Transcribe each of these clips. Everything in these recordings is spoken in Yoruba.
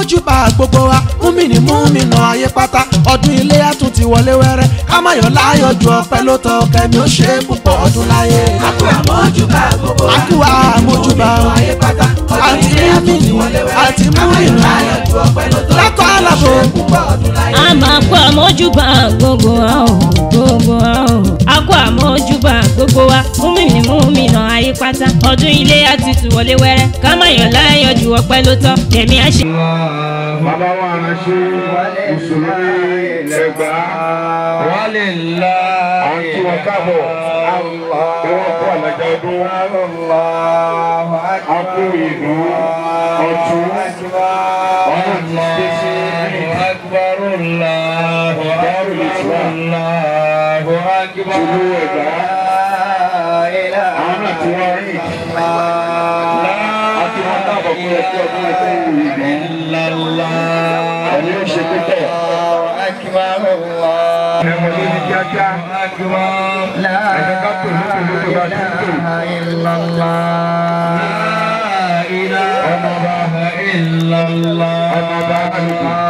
ojúbà gbogbo wa múmìnì múmìnà ayé pátá ọdún iléyá tún ti wọlé wẹ́rẹ́ ká má yọ̀ láyọ̀ ju ọpẹ́ ló tọ́ kẹ́mi ó ṣe é púpọ̀ ọdún láyé. àkúwà mójúbà gbogbo wa àkúwà mójúbà ayé pátá ọdún iléyá tún ti wọlé wẹ́rẹ́ àti múmìnà láyọ̀ ju ọpẹ́ ló tọ́ kẹ́mi ó ṣe é púpọ̀ ọdún láyé. gbogbo wa o gbogbo wa o kú àmójúbà gbogbo wa múmìnì múmìnà ayé pátá ọdún ilé àti tùwọlé wẹ́rẹ́ ká má yàn láyọ̀ jù ọpẹ́ ló tọ́ tẹ̀mí àṣẹ. bàbá wa ránṣẹ́ mùsùlùmí lẹ́gbà wálé ńlá àwọn tí àwọn kó àlàjá ọdún àwọn kó أكبر لا إله إلا الله الله أكبر الله أكبر لا إله إلا الله لا إله إلا الله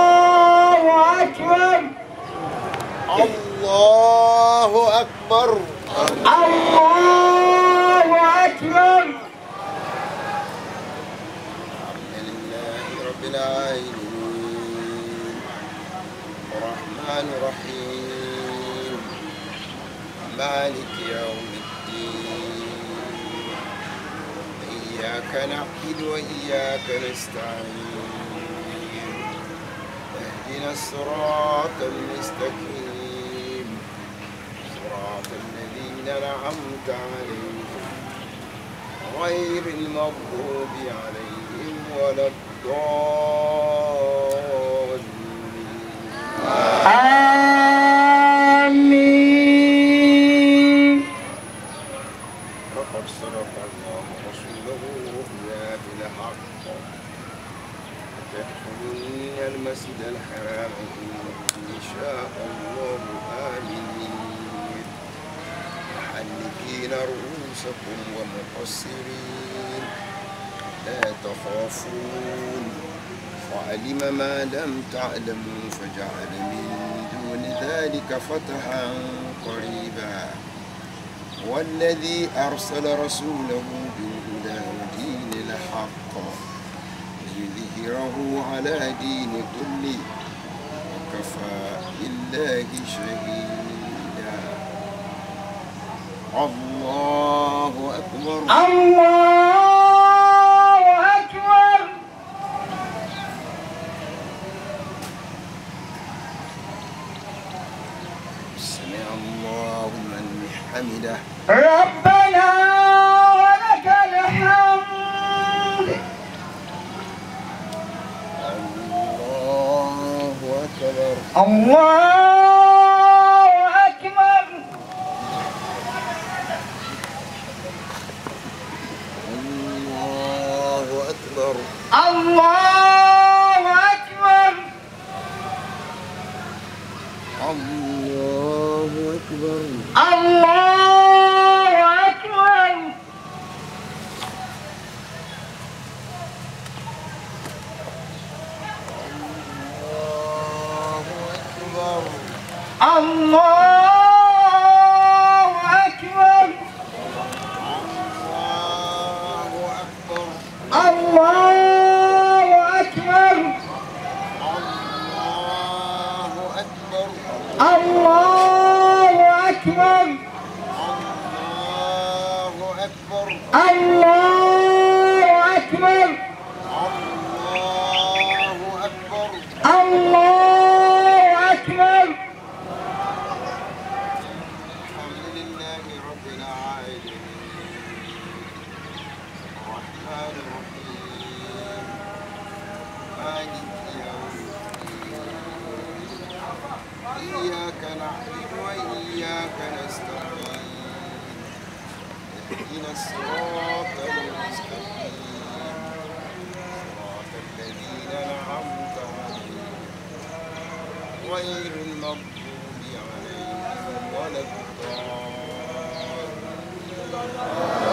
الله أكبر الله أكبر الحمد لله رب العالمين الرحمن الرحيم مالك يوم الدين إياك نعبد وإياك نستعين اهدنا الصراط المستقيم أنعمت عليهم غير المغضوب عليهم ولا الضالين آمين لقد صدق الله رسوله الرؤيا بالحق لتدخلن المسجد الحرام إن شاء الله الذين رؤوسكم ومقصرين لا تخافون وعلم ما لم تعلموا فجعل من دون ذلك فتحا قريبا والذي أرسل رسوله بالهدى ودين الحق ليظهره على دين كله وكفى بالله شهيدا الله أكبر الله أكبر سمع الله من حمده ربنا ولك الحمد الله أكبر الله الله أكبر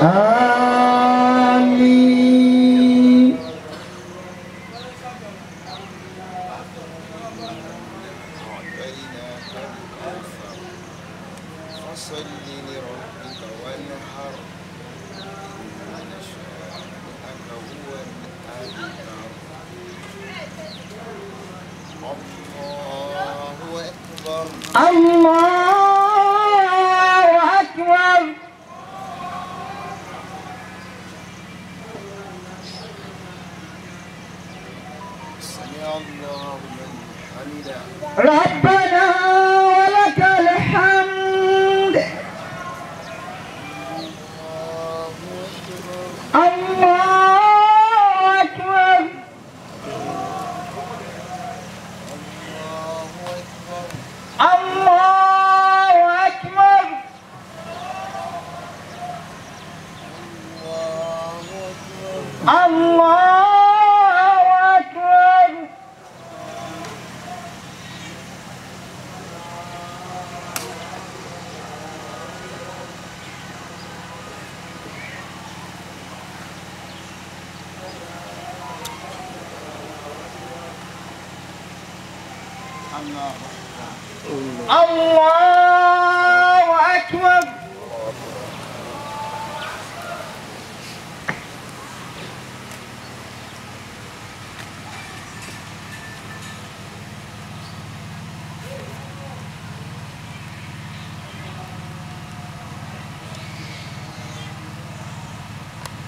Ah.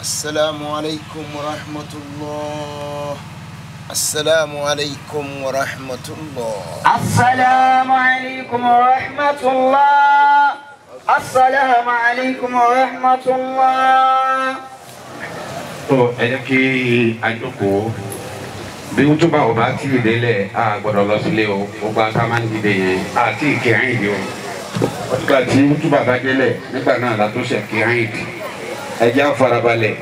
السلام عليكم ورحمة الله السلام عليكم ورحمة الله السلام عليكم ورحمة الله السلام عليكم ورحمة الله tó ẹ jẹ́ kí a jókòó bí wútúbà ò bá tí ì délẹ̀ a gbọ́dọ̀ lọ sílé o gbogbo ata máa ń dìde yẹn a ti kẹrin yìí o nígbà tí wútúbà bá délẹ̀ nígbà náà la tó kẹrin yìí ẹja farabalẹ̀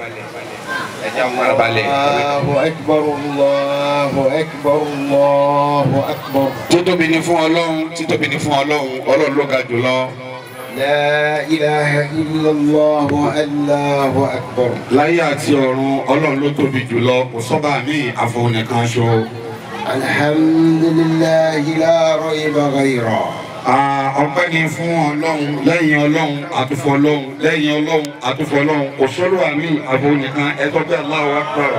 ẹja farabalẹ̀. Allahu akbar Allahu akbar Allahu akbar. títóbi ni fún ọlọ́run títóbi ni fún ọlọ́run ọlọ́run ló ga jùlọ. La ilaha illallah Allahu akbar. Láyé àti ọ̀run ọlọ́run ló tóbi jùlọ kò sọ́ba mi àfọwọ́nìkan ṣo. Alhamdulillahi la rayba ghayra ọpẹ́ ni fún ọlọ́run lẹ́yìn ọlọ́run àtúfọ̀ ọlọ́run lẹ́yìn ọlọ́run àtúfọ̀ ọlọ́run òṣèlú àmì àbò nìkan ẹ̀tọ́ bí Allahu akbar.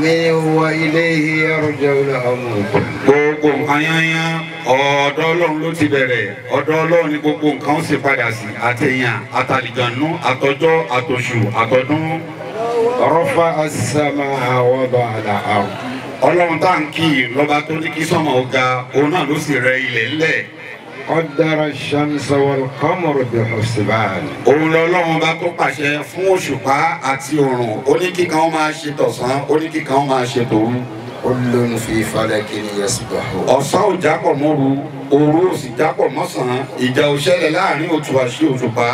mi wọ ilé ihe ọrùjẹ olè ọmọ òkú. gbogbo nǹkan yányán ọ̀dọ̀ ọlọ́run ló ti bẹ̀rẹ̀ ọ̀dọ̀ ọlọ́run ni gbogbo nǹkan ó sì padà sí àtẹ̀yàn àtàlìjànú àtọjọ́ àtòṣù àtọdún. rọ́fà as-samaa wa ba'da al-ard ọlọ́run tá à ń kí lọ́ba tó ní kí sọ́mọ ọ̀gá òun náà ló sì rẹ ilẹ̀ ńlẹ̀. Qaddara ash-shamsa wal-qamara bi-husban. Òun lọ́lọ́run bá tó pàṣẹ fún òṣùpá àti òrùn ó ní kíkan ó máa ṣe tọ̀sán ó ní ó máa ṣe tòru. Kullun fi falakin yasbahun. Ọ̀sán ò jápọ̀ mọ́ru òru ò sì jápọ̀ mọ́sàn-án ìjà ò ṣẹlẹ̀ láàrin òtù àṣì òṣùpá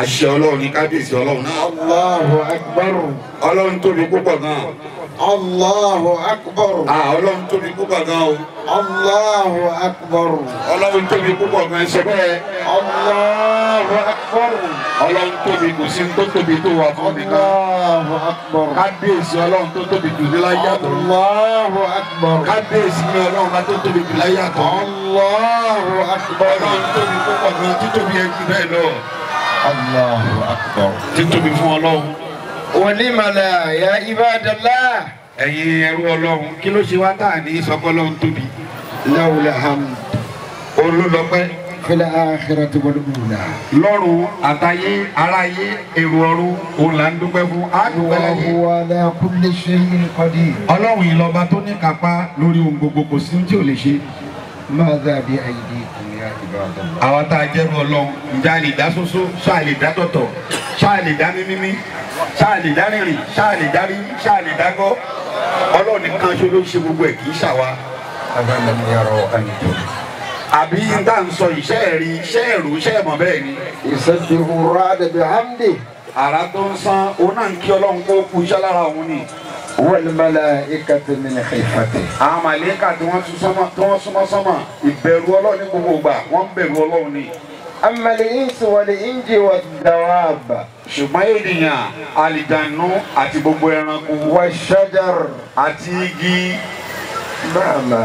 àṣẹ ọlọ́run ní kábíyèsí ọlọ́run náà. Allahu akbar. Ọlọ́run tóbi púpọ̀ gan Allahu akbar. Ah, ọlọ́run tóbi púpọ̀ gan o. Allahu akbar. Ọlọ́run tóbi púpọ̀ gan ẹ ṣe bẹ́ẹ̀. Allahu akbar. Ọlọ́run tóbi kò sí tó tóbi tó wà fún mi náà. Allahu akbar. Kábíyèsí ọlọ́run tó tóbi jù ní láyé Allahu akbar. Kábíyèsí ni ọlọ́run bá tó tóbi jù láyé Allahu akbar. Ọlọ́run tóbi púpọ̀ gan títóbi ẹ jù bẹ́ẹ̀ lọ. Allahu akbar. Títóbi fún ọlọ́run onímọ̀lá ya ibadala. ẹ̀yin ẹrú ọlọ́run kí ló ṣe wá tá à ní sọpọ́lọ́ ń tóbi. lawul hamd. olùlọpẹ́. fẹlẹ ahẹrẹ tó wọlé wù la. lọ́run àtàyé aráyé èrò ọ̀run òun là ń dúpẹ́ fún àdúgbò láyé. wọ́n wà lẹ́ ṣe é kọ́dí. ọlọ́run ìlọba tó ní kápá lórí ohun gbogbo kò sí tí ò lè ṣe. máa dàbí àyè dé àwa tá a jẹ́rú ọlọ́run ǹjẹ́ a lè dá soso ṣáà lè dá tọ̀tọ̀ ṣáà lè dá mímímí ṣáà lè dá rìnrìn ṣáà lè dá rí ṣáà lè dá gọ́ ọlọ́run nìkan ṣe ló ṣe gbogbo ẹ̀ kì í ṣàwa. àbí níta ń sọ iṣẹ́ ẹ̀rí iṣẹ́ ẹ̀rú iṣẹ́ ẹ̀mọ́ bẹ́ẹ̀ ni. ìṣèjì hùrọ̀ àdèbè hamdi. àrà tó ń san òun ọlọ́run kó kú iṣẹ́ lára òun ni wal-malaikatu min khifatihi. àwọn màlẹ́kà tí wọ́n súnmọ́ sọ́mọ́ ìbẹ̀rù ọlọ́run ní gbogbo ìgbà wọ́n bẹ̀rù ọlọ́run ni. amali insu wali inji wa dawaba. ṣùgbọ́n ènìyàn àlìjànú àti gbogbo ẹranko. wa shajar. àti igi. bàbá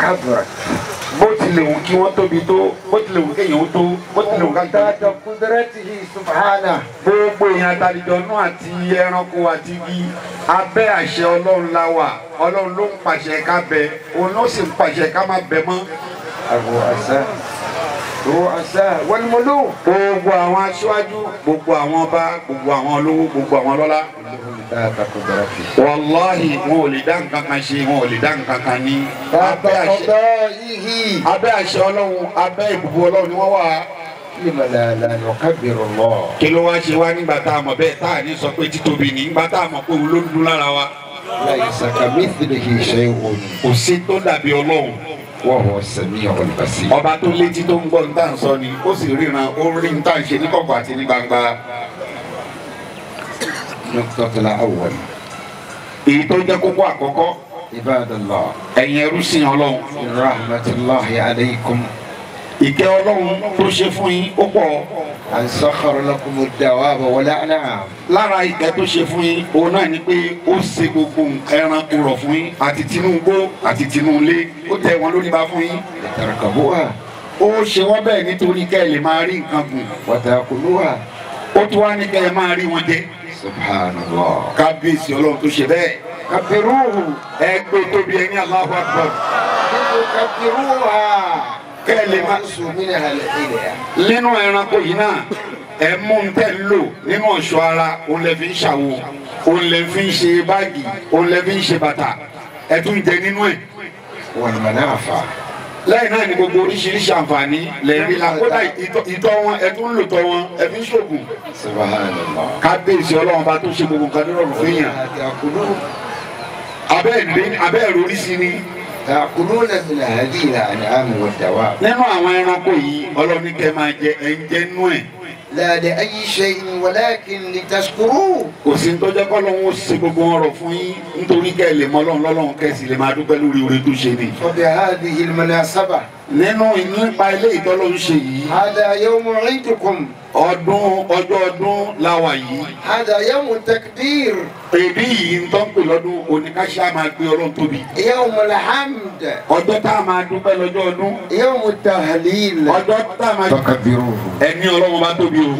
kábàtì bó tilẹ̀ wù kí wọ́n tóbi tó bó tilẹ̀ wù kéèyàn tó bó tilẹ̀ wù kéèyàn tó. òǹtajà kudratihi subhana. gbogbo èèyàn àtàlìjọ náà àti ẹranko àti igi abẹ́ àṣẹ ọlọ́run la wà ọlọ́run ló ń pàṣẹ ká bẹ òun ló sì ń pàṣẹ ká má bẹ mọ́. àbò àṣà wọlmọlú. gbogbo àwọn aṣíwájú gbogbo àwọn ọba gbogbo àwọn olówó gbogbo àwọn ọlọ́lá. wàláhì wọn ò lè dá nǹkan kan ṣe wọn ò lè dá nǹkan kan ní. abẹ́ àṣẹ ọlọ́run abẹ́ ìbùbù ọlọ́run ni wọ́n wà. kí ló wá ṣe wá nígbà tá a mọ̀ bẹ́ẹ̀ tá a ní sọ pé títóbi ni nígbà tá a mọ̀ pé òun ló dún lára wa. láì sàkàmì ìfìdíhì ṣe é wò. kò sí tó dàbí ọlọ́run wọ́wọ́ sẹ̀mí ọ̀lùbàṣì. ọba tó létí tó ń gbọ́ ní tàn sọ ni ó sì ríran ó rí ní tàn ṣe ní kọ̀kọ̀ àti ní gbangba. nọ́tọ́tọ́lá awwal. èyí tó jẹ́ kókó àkọ́kọ́. ibadallah. ẹ̀yin ẹrú sìn ọlọ́run. rahmatulahi alaykum. ìkẹ́ ọlọ́run tó ṣe fún yín ó pọ̀ an sakhara lakumud dawaba wal an'am. lára ìgbà tó ṣe fún yín òun náà ni pé ó ṣe gbogbo ẹranko rọ̀ fún yín àti tinúgbó àti tinúlé ó tẹ wọn lórí bá fún yín. tarkabuha ó ṣe wọ́n bẹ́ẹ̀ nítorí kẹ́ ẹ lè máa rí nǹkan gùn. wa ó tún wá ní kẹ́ ẹ máa rí wọn jẹ. subhanallah. kábíyèsí ọlọ́run tó ṣe bẹ́ẹ̀. kàbírùhù ẹgbẹ́ e tóbi ẹni Allahu akbar. kàbírùhà kẹ́lẹ́ máa sùn nínú ẹ̀hálẹ̀ ilẹ̀. nínú ẹranko yìí náà ẹ mú un tẹ́ ń lò nínú ọ̀ṣọ́ ara òun lè fi ń ṣàwo òun lè fi ń ṣe báàgì òun lè fi ń ṣe bàtà ẹ tún jẹ nínú ẹ̀. wọ́n ní màdá lẹ́yìn náà ni gbogbo oríṣiríṣi àǹfààní lè la kódà ìtọ́ wọn ẹ tún lò tọ́ wọn ẹ fi ń ṣògùn. kábíyèsí ọlọ́run bá tó ṣe gbogbo nǹkan nírọ̀rùn fún yàn. abẹ́ẹ̀ àkùnúnà min hadhihi al-an'am wad-dawab. nínú àwọn ẹranko yìí ọlọ́ni kẹ́ máa jẹ ẹ̀ ń jẹ́ nú ẹ̀ la li ayyi shay'in walakin litaskuru. kò sí tọ́jọ́ kọ́ lọ́wọ́ ṣe gbogbo ọ̀rọ̀ fún yín nítorí kẹ́ ẹ lè mọ Ọlọ́run lọ́lọ́run kẹ́ ẹ sì lè máa dúpẹ́ lórí oore tó ṣe ni. ọbẹ̀ àdì ìlmọ̀lẹ́ sábà. nínú nípa ilé ìtọ́lọ́ ń ṣe yìí. hada yawmu idukum. ọdún ọjọ́ ọdún làwà yìí. hada yawmu takdir. èdè yìí ń pè lọ́dún oníkáṣá máa gbé Ọlọ́run tóbi. yawmul hamd ọjọ́ tá a máa dúpẹ́ lọ́jọ́ ọdún. yawmu tahlil. ọjọ́ tá a máa. takbiru. ẹni ọlọ́run bá tóbi o.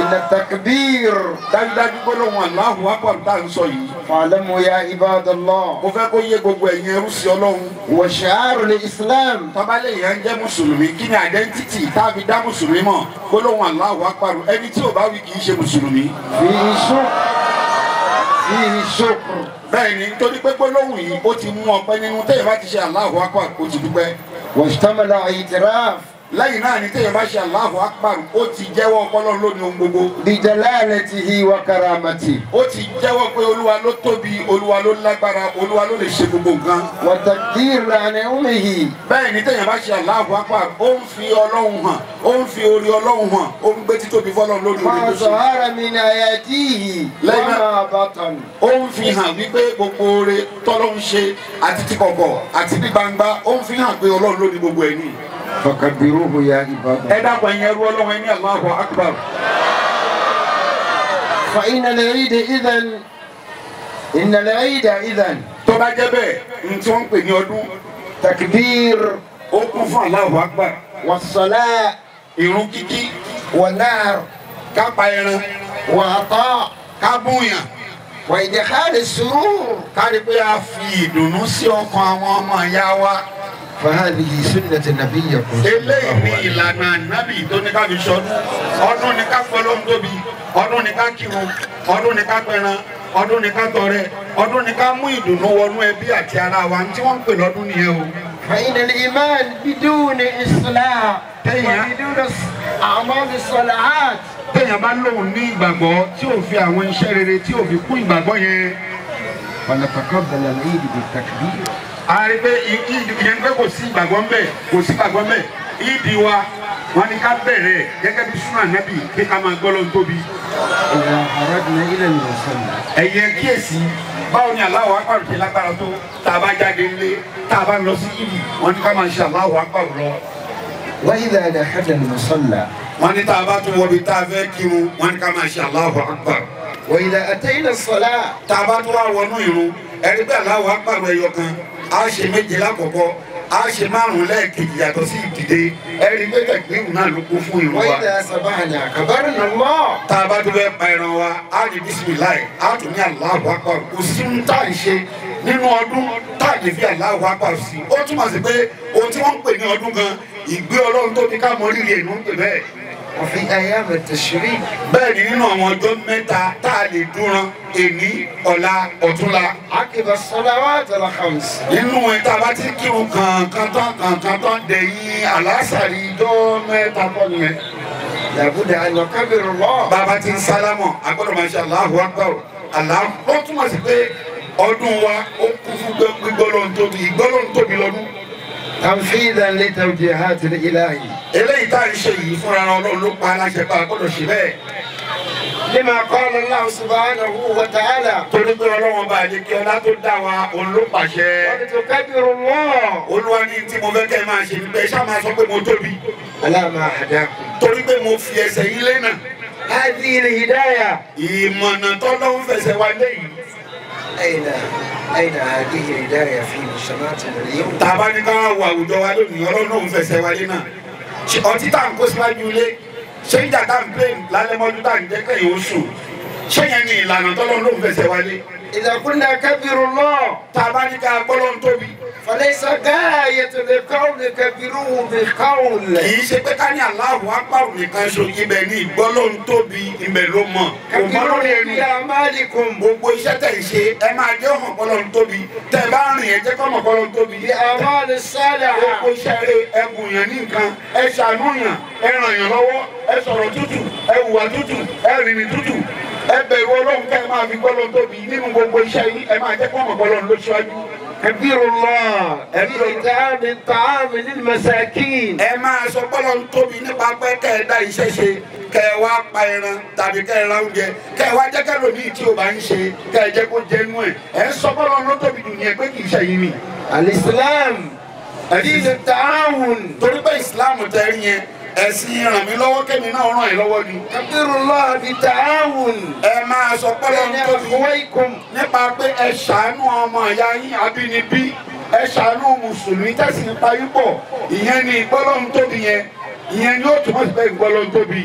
inna takbir. dájúdájú gbọ́dọ̀ wọn Allahu akbar tá à ń sọ yìí. fa'lamu ya ibadallah. mo fẹ́ kó yé gbogbo ẹ̀yin ẹrú sí ọlọ́run. wa shi'arul islam. tabalẹ̀ yẹn ń jẹ́ mùsùlùmí kí ni àdẹ́ntìtì táàbí dá mùsùlùmí mọ̀ ní ṣòkòrò. bẹ́ẹ̀ ni nítorí pé gbólóhùn yìí ó ti mú ọpẹ́ nínú téèyàn ti ṣe Allahu akbar kó ti dúpẹ́. wọ́n ṣ lẹ́yìn náà ni téèyàn bá ṣe Allahu Akbar ó ti jẹ́wọ́ ọpọlọ lónìí ohun gbogbo. bijalalatihi wa karamati. ó ti jẹ́wọ́ pé olúwa ló tóbi olúwa ló lágbára olúwa ló lè ṣe gbogbo nǹkan. wa takdiran umihi. bẹ́ẹ̀ ni téèyàn bá ṣe Allahu Akbar ó ń fi ọlọ́run hàn ó ń fi orí ọlọ́run hàn ó ń gbé títóbi fọlọ́run lónìí ohun gbogbo. ọ̀sán ara mi ni ayatihi fakabiruhu ya ibada. ẹ dàgbà yẹn ru ọlọ́run ẹni Allahu akbar. fa inna al-eid idhan inna al-eid idhan. tó bá jẹ́ bẹ́ẹ̀ n tí wọ́n ń pè ní ọdún. takbir. ó kún fún Allahu akbar. wa salat. irun kíkí. wa nar. ká pa wa ata. ká bóyan. wa idkhal as-surur. pé a fi ìdùnnú sí ọkàn àwọn ọmọ ìyá wa fahadi yi sunnati nabiyakum. eléyìí ni ìlànà ànábì tó ní ká fi sọdún ọdún ní ká fọlọ́n tóbi ọdún ní ká kírun ọdún ní ká pẹran ọdún ní ká tọrẹ ọdún ní ká mú ìdùnnú wọnú ẹbí àti ara wa tí wọ́n ń pè lọ́dún nìyẹn o. فإن الإيمان بدون إصلاح وبدون أعمال الصالحات téèyàn bá lóun ní ìgbàgbọ́ tí ò fi àwọn iṣẹ́ rere tí ò fi kún ìgbàgbọ́ yẹn. فلتقبل العيد بالتكبير àrí pé ìyẹn pé kò sí ìgbàgbọ́ ńbẹ kò sí ìgbàgbọ́ ńbẹ ìdí wa wọn ni ká bẹ̀rẹ̀ gẹ́gẹ́ bí súnà nábì pé ká máa gbọ́ lọ tóbi. ìwà àràdùnà ilẹ̀ nìyẹn sọ̀rọ̀. ẹ̀yẹ kíyèsí báwo ni aláwọ̀ akpàrọ̀ ṣe lágbára tó tá a bá jáde ńlé tá a bá lọ sí ìdí wọn ni ká máa ṣe aláwọ̀ akpàrọ̀ lọ. wáyé dáadáa hàdà ní mùsọ̀lá. wọn ni tá a bá tún wọbi tá a fẹ́ kírun wọn ni ká máa ṣe aláwọ̀ akpàrọ̀. wọ́n yìí dá àtẹ́yìn lọ a ṣe méje lákọ̀ọ́kọ́ a ṣe márùn lẹ́ẹ̀kejì yàtọ̀ sí ìdìde ẹ̀rí pé tẹ̀kíníwù náà ló kún fún ìlú wa. wọ́n yẹ sábà àkàbárì náà lọ. tá a bá dúró ẹ pa ẹran wa a lè bísímìláì a tún ní Allahu Akbar kò sí ń tá à ṣe nínú ọdún tá à lè fi Allahu Akbar sí. ó túmọ̀ sí pé ohun tí wọ́n ń pè ní ọdún gan ìgbé ọlọ́run tó ti ká mọ rírì ẹ̀ ló ń pè bẹ́ẹ̀ òfin ayé àmọ̀tẹ̀sírì. bẹ́ẹ̀ ni nínú àwọn ọjọ́ mẹ́ta tá a lè dúran èní ọ̀la ọ̀túnla. akébà sọlá wa àtàlà kàms. nínú ẹ̀ tá a bá ti kírun kankan tán kankan tán dẹ̀yìn àlásàrì ọjọ́ mẹ́ta kọ́ nìyẹn. làbúdà àlọ́kábìrì lọ. bàbá ti ń sálámọ̀ agbọ́dọ̀ máa ṣe Allahu Akbar Allah ó túmọ̀ sí pé ọdún wa ó kún fún gbígbọ́lọ́ tóbi ìgbọ́lọ́ lọ́dún tanfidhan li tawjihati ilahi. eléyìí tá à ń ṣe yìí fúnra ọlọ́run ló pa aláṣẹ bá a gbọ́dọ̀ ṣe bẹ́ẹ̀. lima qala Allah subhanahu wa ta'ala. torí pé ọlọ́run bá yẹ kí ọlá tó dá wa olùpàṣẹ. wọ́n ti kábírù wọ́n. olúwa ní tí mo fẹ́ kẹ́ máa ṣe ni pé ṣá máa sọ pé mo tóbi. aláàmà àdá. torí pé mo fi ẹsẹ̀ yín lé náà. hadhihi al-hidayah. ìmọ̀nà tọ́lọ́ ń fẹsẹ̀ wa léyìí ẹ̀yìn àdéhìí ìdárayà fi ìṣàmátì rẹ̀. tàbá ní ká wọ àwùjọ wa lónìí ọlọ́run òun fẹsẹ̀ wáyé náà ọtí tá à ń kó síwájú ilé ṣé ìjà tá à ń pè lálẹ́ mọ́jú tá à ń jẹ́ kẹ́yìn oṣù ṣé yẹn ni ìlànà ìdàkúndà kábírù náà tàbá ní ká gbọ́dọ̀ tóbi. fọlẹ́sà gáàyè tó lè káwọn lè kábírù wù mí káwọn lẹ̀. kì í ṣe pé ká ní Allahu Akbar nìkan ṣo ibẹ̀ ní ìgbọ́lọ̀ tóbi ibẹ̀ ló mọ̀. kábírù lè rí amáàlìkùn. gbogbo iṣẹ́ tẹ̀ ń ṣe ẹ máa jẹ́ ọmọ gbọ́dọ̀ tóbi tẹ̀ bá rìn ẹ jẹ́ kọ́mọ gbọ́dọ̀ tóbi. àmàlì sálà. gbogbo iṣẹ́ rẹ ẹ gùnyàn ní nǹkan ẹ ṣàánú yàn ẹ ràn yàn lọ́wọ́ ẹ sọ̀rọ̀ tútù ẹ hùwà tútù ẹ rìnrìn tútù ẹ bẹ̀rù ọlọ́run ká ẹ máa fi gbọ́lọ́ tóbi nínú gbogbo iṣẹ́ yín ẹ máa jẹ́ kó mọ̀ gbọ́lọ́ ló ṣíwájú. Kabiru Allah. Ẹ̀rọ ìtaami taami nínú masakin. Ẹ máa sọ gbọ́dọ̀ ń tóbi nípa pé kẹ́ ẹ dá iṣẹ́ ṣe kẹ́ ẹ wá pa ẹran tàbí kẹ́ ẹ ra oúnjẹ kẹ́ ẹ wá jẹ́ kẹ́ lómi tí o bá ń ṣe kẹ́ ẹ jẹ́ kó jẹ́ nú ẹ̀. Ẹ sọ gbọ́dọ̀ ń tóbi dùn yẹn pé kì í ṣe yín ni. Al-Islam. Ẹ̀dí ni tààrùn. Torí pé yẹn ẹ̀sìn ràn mí lọ́wọ́ kémi náà ràn yín lọ́wọ́ ni. Abdullah bi ta'awun. ẹ máa sọ pọ́lọ́ nítorí nípa pé ẹ ṣàánú ọmọ ìyá yín abínibí ẹ ṣàánú mùsùlùmí tẹ̀sí nípa yípo ìyẹn ni ìgbọ́lọ́hún tóbi yẹn ìyẹn ni ó túmọ̀ sí pé ìgbọ́lọ́hún tóbi.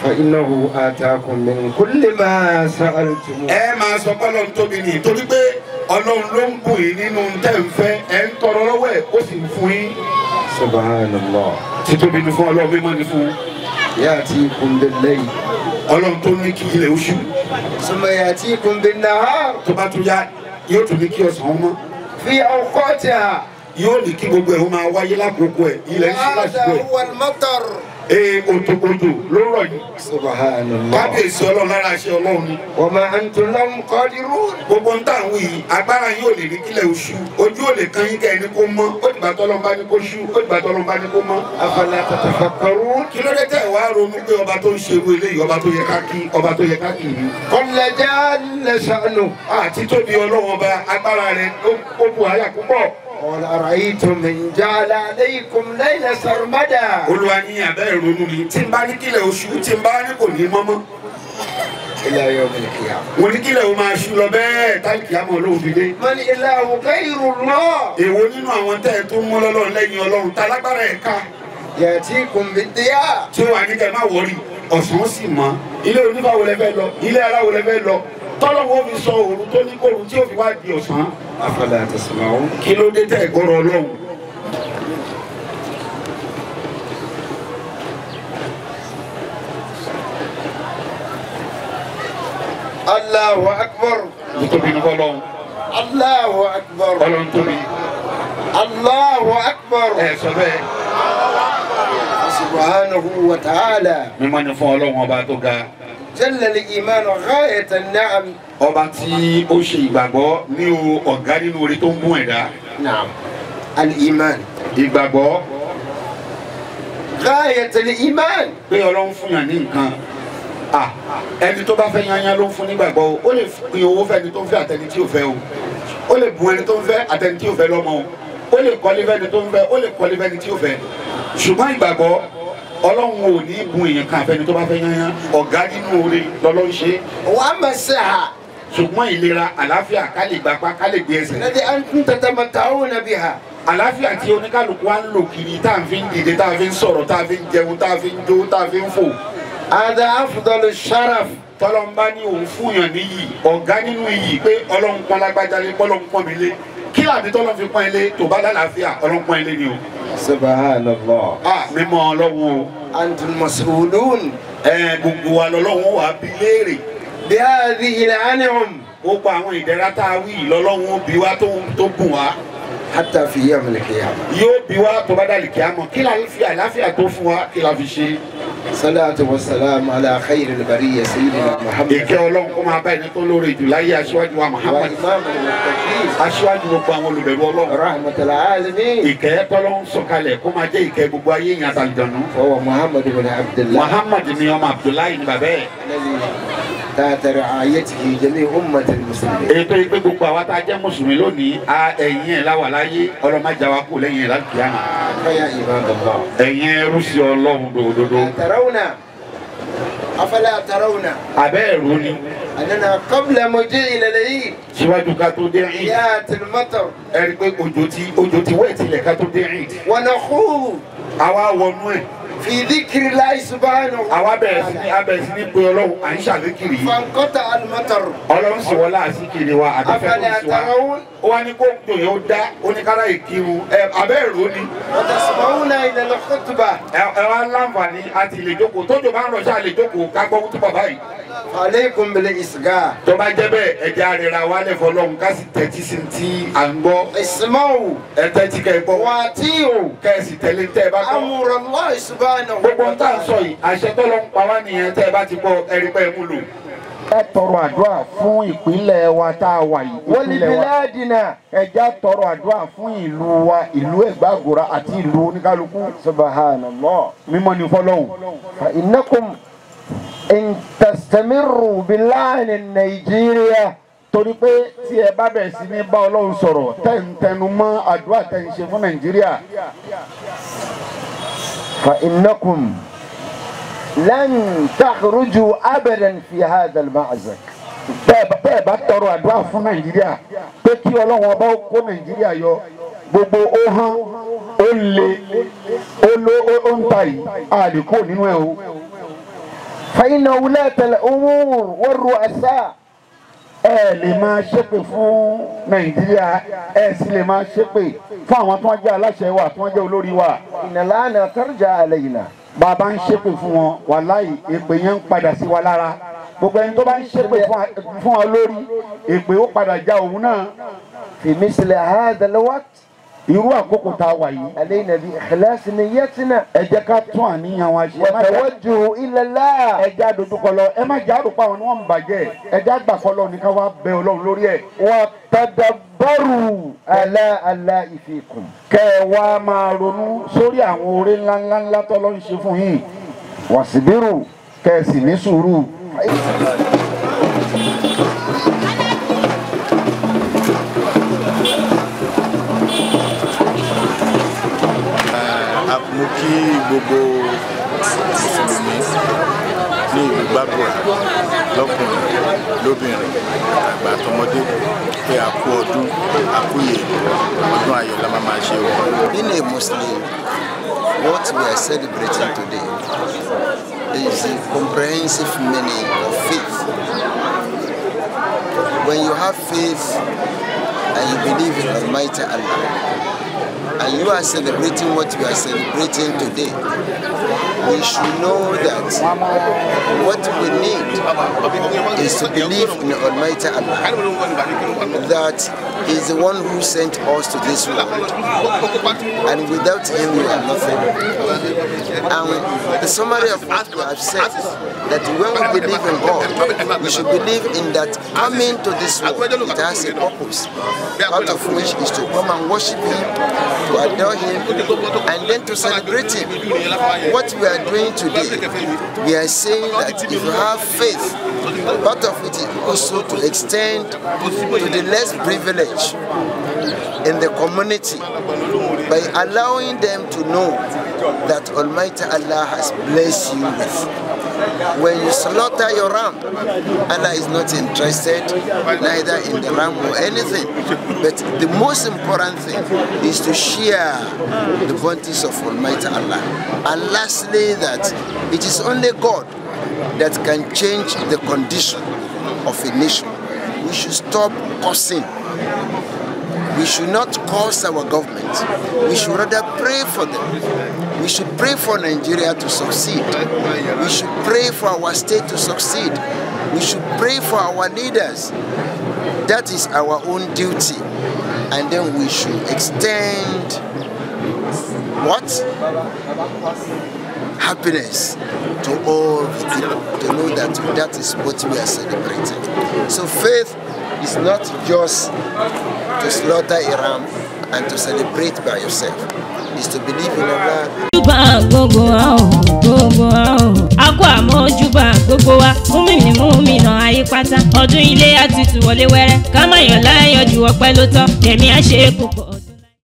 fa'inahu atakum min kulli ma sa'altum. ẹ máa sọ pọ́lọ́ tóbi ni torí pé ọlọ́run ló ń bù yín nínú tẹ̀ ń fẹ́ ẹ ń tọrọ lọ́wọ́ subhanallah títóbi ni fún ọlọ́run mímọ́ ni fún yá àti ìkúndé lẹ́yìn ọlọ́run tó ní kí ilẹ̀ oṣù sọmọ yá àti ìkúndé náà tó bá tún yá yóò tún ní kí ọ̀sán ọmọ fi ọkọ̀ tí a yóò ní kí gbogbo ẹ̀ ó máa wáyé lákòókò ẹ̀ ilẹ̀ ń ṣe lásìkò ẹ̀ ee òjò òjò ló rọ̀ yìí. kábíyèsí ọlọ́run lára ṣe ọlọ́run ni. wa ma antum lahu qadirun. gbogbo ń tà ń wí agbára yín lè rí kílẹ̀ oṣù ojú ò lè kan yín kẹ́ ẹni kó mọ́ ó dìgbà tọ́lọ́ bá ní kó ṣú ó dìgbà tọ́lọ́ bá ní kó mọ́. afala tatafakkarun. kí ló dé tẹ̀ wá ronú pé ọba tó ń ṣe ewu eléyìí ọba tó yẹ ká ọba tó yẹ ká kì ọ̀nà àràyìntùm ìjàlá alaykum layla sàrmádà. olúwa ní abẹ́ ìrònú mi tí n bá ní kílẹ̀ oṣù tí n bá ní kò ní mọ́mọ́. ilẹ̀ ayọ̀ mi kìá. mo ní kílẹ̀ o máa ṣú lọ bẹ́ẹ̀ táǹkì àmọ́ ló fi dé. mo ní ilẹ̀ àwòká ìrùlọ́. èwo nínú àwọn tẹ́ ẹ tó mú lọ́lọ́run lẹ́yìn ọlọ́run tálágbára ẹ̀ ká. yẹtí kùnbìdíyà. tí wàá ní kẹ́ máa wọrí ọ̀sán sì mọ́ ilé onífàwọlẹ́fẹ́ lọ ilé aláwọlẹ́fẹ́ lọ tọ́lọ́ wo sọ òru tó ní kóru tí ó fi wá di ọ̀sán. afọlẹ àtẹsíwá o. kí ló dé tẹ ìgbọràn Ọlọ́run. Allahu akbar. mo tóbi ní kọ́lọ́hún. Allahu akbar. Ọlọ́run tóbi. Allahu akbar. ẹ sọ bẹ́ẹ̀. Subhanahu wa ta'ala. mímọ́ ni fún Ọlọ́run ọba tó ga jẹ́lẹ̀lẹ̀ ìmọ̀nà gáyẹ̀tẹ̀ náà. ọba tí ó ṣe ìgbàgbọ́ ní o ọ̀gá nínú orí tó ń mú ẹ̀dá. naam al-iman. ìgbàgbọ́. gáyẹ̀tẹ̀ iman. pé ọlọ́run fún yàn ní nǹkan ẹni tó bá fẹ́ yanyan ló ń fún nígbàgbọ́ o ó lè pin owó fẹ́ni tó ń fẹ́ àtẹni tí ò fẹ́ o ó lè bùn ẹni tó ń fẹ́ àtẹni tí ò fẹ́ lọ́mọ o lè kọ́lé fẹ́ni tó ń fẹ́ ó lè kọ́lé fẹ́ni tí ò fẹ́ ṣùgbọ́n ìgbàgbọ́ ọlọ́run ò ní gun èèyàn kan àfẹni tó bá fẹ́ yányá ọ̀gá nínú oore lọ́lọ́ ń ṣe. wà á mọ̀ sí ha. ṣùgbọ́n ìlera àlàáfíà ká lè gbapá ká lè gbé ẹsẹ̀. lẹ́dí à ń tẹ̀tẹ̀ mọ̀ táwọn nàbí ha. àlàáfíà tí oníkálukú wa ń lò kiri tá à fi ń dìde tá à fi ń sọ̀rọ̀ tá à fi ń jẹun tá à fi ń jó tá à fi ń fò. ada afudọlu sharaf tọlọmba ni òun fúnyàn níyì ọ̀gá nínú iyì pé ọlọ́run pọ́n kí àdìtọ́lọ́ fi pọ́n ilé tó bá lálàáfíà ọlọ́pọ́n ilé ni o. subhanallah. a mímọ ọlọ́run o. antul mas'ulun. ẹ gbogbo wa lọ́lọ́run wà á bi léèrè. bí a rí ilẹ̀ ánìhùn. ó pa àwọn ìdẹ́ra wí lọ́lọ́run bí wa tó bùn wá hata fi yé amẹlẹ kiyama. yóò bi wa tó bá dàlí kiyama kí la fi àlàáfíà tó fún wa kí la fi ṣe. salatu wa salam ala khayri libari ya sayyidina muhammad. ìkẹ́ ọlọ́run kó máa bá ẹni tó lórí jù láyé aṣíwájú wa muhammad. aṣíwájú gbogbo àwọn olùbẹ̀rù ọlọ́run. rahmatulahi alamin. ìkẹ́ tọ́lọ́run sọ̀kalẹ̀ kó máa jẹ́ ìkẹ́ gbogbo ayé yẹn àtàlùjọ́nù. ọwọ́ muhammad bin abdullahi. muhammad ni ọmọ abdullahi ni bàbá yẹ tààtà ra'ayatihi jami ummatil muslimin. ètò ìpè gbogbo àwa tá a jẹ́ mùsùlùmí lónìí a ẹ̀yìn ẹ̀ láwà láyé ọlọ́mọdé wa kú lẹ́yìn ẹ̀ lálùkìyàmà. báyà ibadallah. ẹ̀yìn ẹrú sí ọlọ́run dòdòdó. àtàràwùnà afala àtàràwùnà. àbẹ́ ẹ̀rú ni. ànànà qabla mọ̀jé ìlẹ̀lẹ̀ yìí. síwájú ká tó dé Eid. yá tìlmọ́tọ̀. ẹ rí i pé òjò ti òjò ti wẹ́ẹ̀tì lẹ̀ ká tó dé Eid. wọ̀nà fìdíkìrìlá ìsúbánu. àwa bẹ̀rẹ̀ sí ni abẹ̀rẹ̀ sí ni pé ọlọ́run à ń ṣàlékiri yìí. fankọ́tà alimọ́tàrù. ọlọ́run sì wọlé àsìkiri wa àbẹ̀fẹ́ kò sí wa. ó wá ní kó dùn yóò dá oníkárá ìkírun ẹ abẹ́ ìró ni. ọ̀tàsùmáwùn náà ilẹ̀ lọ kútùbà. ẹ wá láǹfààní àti ilé jókòó tójò bá ń rọṣẹ́ àlè jókòó ká gbọ́ kútùbà báyìí. aleikum bil isga. tó bá jẹ́ bẹ́ẹ̀ ẹ jẹ́ arẹra wa lẹ̀ fọlọ́run ká sì tẹ́tí sí ti à ń gbọ́. ìsìnmáwù. ẹ tẹ́tí kẹ́ gbọ́. wàá tí ò. kẹ́ ẹ sì tẹ̀lé tẹ́ ẹ bá gbọ́. amúrọ̀lọ́ ìsúbà gbogbo ń tà ń sọ yìí àṣẹ tọ́lọ́ ń pa wá nìyẹn tẹ́ ẹ bá ti gbọ́ ẹ̀rí pẹ́ mú lò. ẹ tọrọ àdúrà fún ìpínlẹ̀ wa tá a wà yìí ìpínlẹ̀ wa ẹja tọrọ àdúrà fún ìlú wa ìlú ẹgbàgòrà àti ìlú oníkálukú. subhanallah mímọ́ ni fọlọ́hùn. fa innakum in tastamiru billahi nàìjíríà torí pé tí ẹ bá bẹ̀rẹ̀ sí ní bá ọlọ́run sọ̀rọ̀ tẹ̀ ń tẹnu mọ́ àdúrà tẹ̀ ń ṣe fún nàìjíríà. فإنكم لن تخرجوا أبدا في هذا المعزك. bẹ́ẹ̀ bá tọrọ àdúrà fún nàìjíríà pé kí ọlọ́run ọba ó kó nàìjíríà yọ gbogbo ó hán ó le ó ló ó ń ta yìí a lè kó nínú ẹ o. فإنه لا تلؤمون والرؤساء ẹ lè máa ṣépè fún nàìjíríà ẹ sì lè máa ṣépè fún àwọn tí wọ́n jẹ́ aláṣẹ wa tí wọ́n jẹ́ olórí wa. ìnàlá àná tọ́jà àlẹ́ ìnà. bàbá ń ṣépè fún wọn wàláì èpè yẹn ń padà sí wa lára gbogbo ẹni tó bá ń ṣépè fún wọn lórí èpè ó padà já òun náà. fi misli irú àkókò tá a wà yìí. aleyna bi ikhlas niyatina. ẹ jẹ́ ká tún àníyàn wa ṣe. wa tawajjuhu ila Allah. ẹ jẹ́ àdójúkọ lọ ẹ má jẹ́ àdókọ àwọn ni wọ́n ń bàjẹ́ ẹ jẹ́ àgbàkọ lọ ní ká wá bẹ ọlọ́run lórí ẹ̀. wa tadabbaru ala Allahi fikum. kẹ́ ẹ wá máa ronú sórí àwọn oore ńláńlá ńlá tọ́lọ́ ṣe fún yín wasbiru kẹ́ sì ní sùúrù. gbogbo mùsùlùmí ní ìlú Gbàdúrà lọ́kùnrin lóbìnrin àgbà àtọmọdé pé a kú ọdún a kú yèlò ọdún ayọ̀ la máa ṣe wọn. Being a Muslim, what we are celebrating today is a comprehensive meaning of faith. When you have faith and you believe in Almighty Allah, and you are celebrating what you are celebrating today, we should know that what we need is to believe in Almighty Allah, that He is the one who sent us to this world, and without Him we are nothing. And the summary of what we have said, that when we believe in God, we should believe in that coming to this world, it has a purpose, Part of which is to come and worship Him, to adore Him, and then to celebrate Him. What we are doing today, we are saying that if you have faith, part of it is also to extend to the less privileged in the community by allowing them to know that Almighty Allah has blessed you with. When you slaughter your ram, Allah is not interested neither in the ram or anything. But the most important thing is to share the bounties of Almighty Allah. And lastly, that it is only God that can change the condition of a nation. We should stop cursing we should not curse our government. We should rather pray for them. We should pray for Nigeria to succeed. We should pray for our state to succeed. We should pray for our leaders. That is our own duty. And then we should extend what? Happiness to all people to know that that is what we are celebrating. So faith It's not just to slaughter a ram and to celebrate by yourself. It's to believe in Allah. Júbà gbogbo wa o, gbogbo wa o. A kó àmọ́ júbà gbogbo wa. Múmìnì múmìnà ayé pátá. Ọdún ilé àti tùwọlé wẹ́rẹ́. Ká má yọ̀ láyọ̀ jù ọpẹ́ ló tọ́. Kẹ̀mí á ṣe é